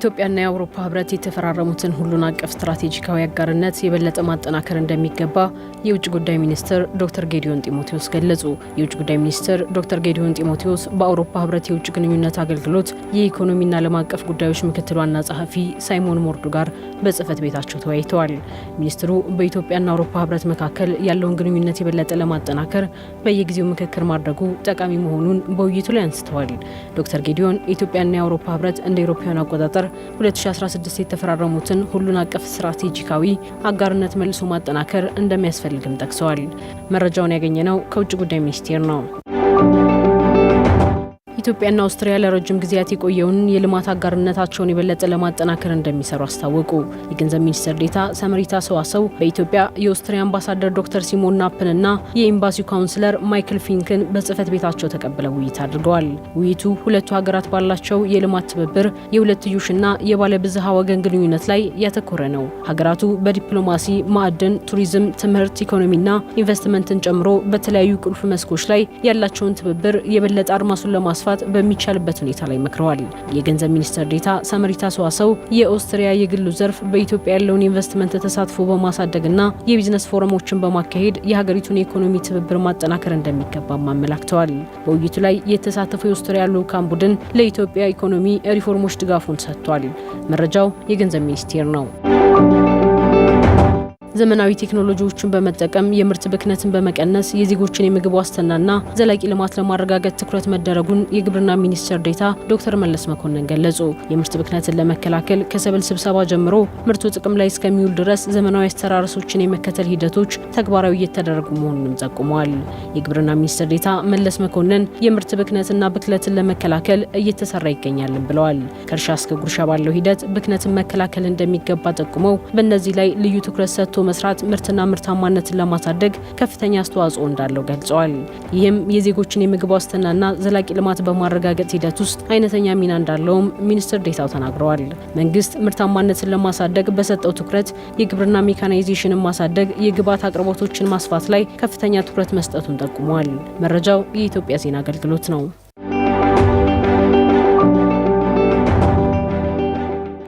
ኢትዮጵያና የአውሮፓ ህብረት የተፈራረሙትን ሁሉን አቀፍ ስትራቴጂካዊ አጋርነት የበለጠ ማጠናከር እንደሚገባ የውጭ ጉዳይ ሚኒስትር ዶክተር ጌዲዮን ጢሞቴዎስ ገለጹ። የውጭ ጉዳይ ሚኒስትር ዶክተር ጌዲዮን ጢሞቴዎስ በአውሮፓ ህብረት የውጭ ግንኙነት አገልግሎት የኢኮኖሚና ዓለም አቀፍ ጉዳዮች ምክትል ዋና ጸሐፊ ሳይሞን ሞርዱ ጋር በጽህፈት ቤታቸው ተወያይተዋል። ሚኒስትሩ በኢትዮጵያና አውሮፓ ህብረት መካከል ያለውን ግንኙነት የበለጠ ለማጠናከር በየጊዜው ምክክር ማድረጉ ጠቃሚ መሆኑን በውይይቱ ላይ አንስተዋል። ዶክተር ጌዲዮን ኢትዮጵያና የአውሮፓ ህብረት እንደ አውሮፓውያን አቆጣጠር 2016 የተፈራረሙትን ሁሉን አቀፍ ስትራቴጂካዊ አጋርነት መልሶ ማጠናከር እንደሚያስፈልግም ጠቅሰዋል። መረጃውን ያገኘነው ከውጭ ጉዳይ ሚኒስቴር ነው። ኢትዮጵያና አውስትሪያ ለረጅም ጊዜያት የቆየውን የልማት አጋርነታቸውን የበለጠ ለማጠናከር እንደሚሰሩ አስታወቁ። የገንዘብ ሚኒስትር ዴታ ሰመሪታ ሰዋሰው በኢትዮጵያ የኦስትሪያ አምባሳደር ዶክተር ሲሞን ናፕንና የኤምባሲው ካውንስለር ማይክል ፊንክን በጽህፈት ቤታቸው ተቀብለው ውይይት አድርገዋል። ውይይቱ ሁለቱ ሀገራት ባላቸው የልማት ትብብር፣ የሁለትዮሽና የባለብዝሃ ወገን ግንኙነት ላይ ያተኮረ ነው። ሀገራቱ በዲፕሎማሲ፣ ማዕድን፣ ቱሪዝም፣ ትምህርት፣ ኢኮኖሚና ኢንቨስትመንትን ጨምሮ በተለያዩ ቁልፍ መስኮች ላይ ያላቸውን ትብብር የበለጠ አድማሱን ለማስፋት ማስፋት በሚቻልበት ሁኔታ ላይ መክረዋል። የገንዘብ ሚኒስትር ዴታ ሳመሪታ ሰዋሰው የኦስትሪያ የግሉ ዘርፍ በኢትዮጵያ ያለውን ኢንቨስትመንት ተሳትፎ በማሳደግና የቢዝነስ ፎረሞችን በማካሄድ የሀገሪቱን የኢኮኖሚ ትብብር ማጠናከር እንደሚገባም አመላክተዋል። በውይይቱ ላይ የተሳተፉ የኦስትሪያ ልዑካን ቡድን ለኢትዮጵያ ኢኮኖሚ ሪፎርሞች ድጋፉን ሰጥቷል። መረጃው የገንዘብ ሚኒስቴር ነው። ዘመናዊ ቴክኖሎጂዎችን በመጠቀም የምርት ብክነትን በመቀነስ የዜጎችን የምግብ ዋስትናና ዘላቂ ልማት ለማረጋገጥ ትኩረት መደረጉን የግብርና ሚኒስትር ዴታ ዶክተር መለስ መኮንን ገለጹ። የምርት ብክነትን ለመከላከል ከሰብል ስብሰባ ጀምሮ ምርቱ ጥቅም ላይ እስከሚውል ድረስ ዘመናዊ አስተራረሶችን የመከተል ሂደቶች ተግባራዊ እየተደረጉ መሆኑንም ጠቁመዋል። የግብርና ሚኒስትር ዴታ መለስ መኮንን የምርት ብክነትና ብክለትን ለመከላከል እየተሰራ ይገኛልን ብለዋል። ከእርሻ እስከ ጉርሻ ባለው ሂደት ብክነትን መከላከል እንደሚገባ ጠቁመው በእነዚህ ላይ ልዩ ትኩረት ሰጥቶ መስራት ምርትና ምርታማነትን ለማሳደግ ከፍተኛ አስተዋጽኦ እንዳለው ገልጸዋል። ይህም የዜጎችን የምግብ ዋስትናና ዘላቂ ልማት በማረጋገጥ ሂደት ውስጥ አይነተኛ ሚና እንዳለውም ሚኒስትር ዴታው ተናግረዋል። መንግስት ምርታማነትን ለማሳደግ በሰጠው ትኩረት የግብርና ሜካናይዜሽንን ማሳደግ፣ የግብዓት አቅርቦቶችን ማስፋት ላይ ከፍተኛ ትኩረት መስጠቱን ጠቁመዋል። መረጃው የኢትዮጵያ ዜና አገልግሎት ነው።